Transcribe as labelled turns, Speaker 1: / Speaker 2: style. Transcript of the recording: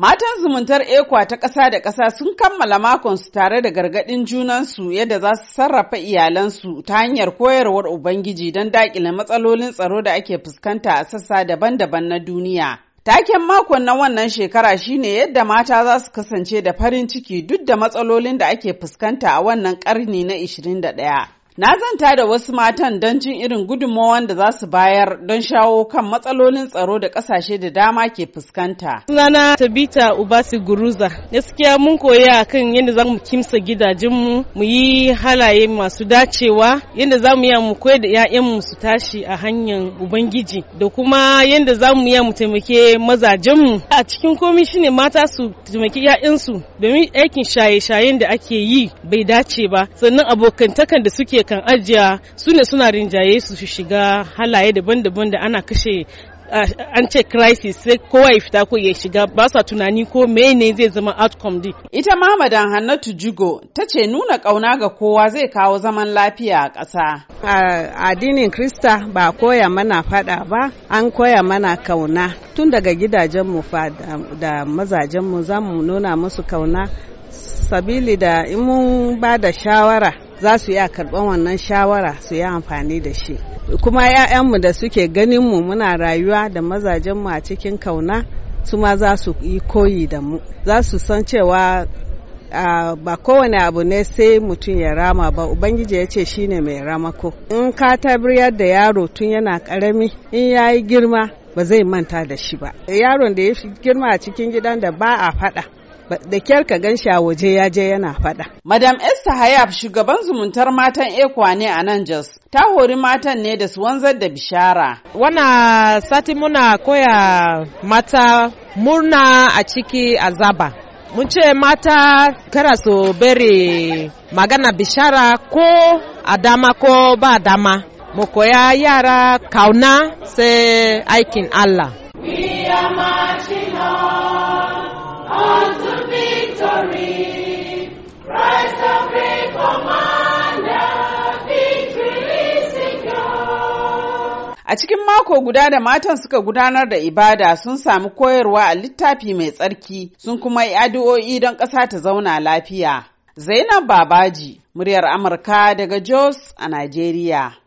Speaker 1: Matan zumuntar ekwa ta ƙasa da ƙasa sun kammala makonsu tare da gargaɗin junansu yadda za su sarrafa iyalansu ta hanyar koyarwar Ubangiji don daƙile matsalolin tsaro da ake fuskanta a sassa daban-daban na duniya. Taken makon na wannan shekara shine yadda mata za su kasance da farin ciki duk da matsalolin da ake fuskanta a wannan ƙarni na 21. Na zanta da wasu matan don jin irin gudunmawar da za su bayar don shawo kan matsalolin tsaro da kasashe da dama ke fuskanta.
Speaker 2: Sunana Tabita Ubasi Guruza. Gaskiya mun a kan yadda za mu kimsa gidajenmu mu yi halaye masu dacewa yadda za mu iya mu da 'ya'yanmu su tashi a hanyar Ubangiji da kuma yadda za mu iya mu taimake mazajenmu. A cikin komi shine mata su taimaki 'ya'yansu domin aikin shaye-shayen da ake yi bai dace ba sannan abokantakan da suke kan ajiya su ne suna rinjaye su shiga halaye daban-daban da ana kashe an ce crisis sai kowa ya fita ko ya shiga ba sa tunani ko mene zai zama outcome din. Ita Mahamadan Hannatu Jugo ta ce nuna
Speaker 1: kauna ga kowa zai kawo zaman lafiya a ƙasa. A addinin Krista ba koya mana fada ba, an koya mana kauna. Tun daga gidajenmu da mazajenmu za mu nuna musu kauna sabili da in mun ba da shawara za su iya karɓar wannan shawara su yi amfani da shi kuma 'ya'yanmu da suke ganinmu muna rayuwa da mazajenmu a cikin kauna su ma za su yi koyi da mu za su san cewa Uh, ba kowane abu ne sai mutum ya rama ba ubangiji ya ce shine mai ramako in ka tabbiyar da yaro tun yana karami in ya yi girma ba zai manta da shi ba yaron da ya girma a cikin gidan da ba a faɗa. da kyar ka gan a waje ya je yana faɗa. Madam Esther Hayab shugaban zumuntar matan Ekwa ne a nan Jos. ta hori matan ne da su wanzar da
Speaker 3: bishara. Wana sati muna koya mata murna a ciki azaba. Mun ce mata kara su bari magana bishara ko a dama ko ba dama. Mu koya yara kauna sai aikin Allah.
Speaker 4: We are marching on.
Speaker 1: A cikin mako guda da matan suka gudanar da ibada sun sami koyarwa a littafi mai tsarki sun kuma yi addu'o'i don ƙasa ta zauna lafiya. Zainab Babaji, muryar Amurka daga Jos a Najeriya.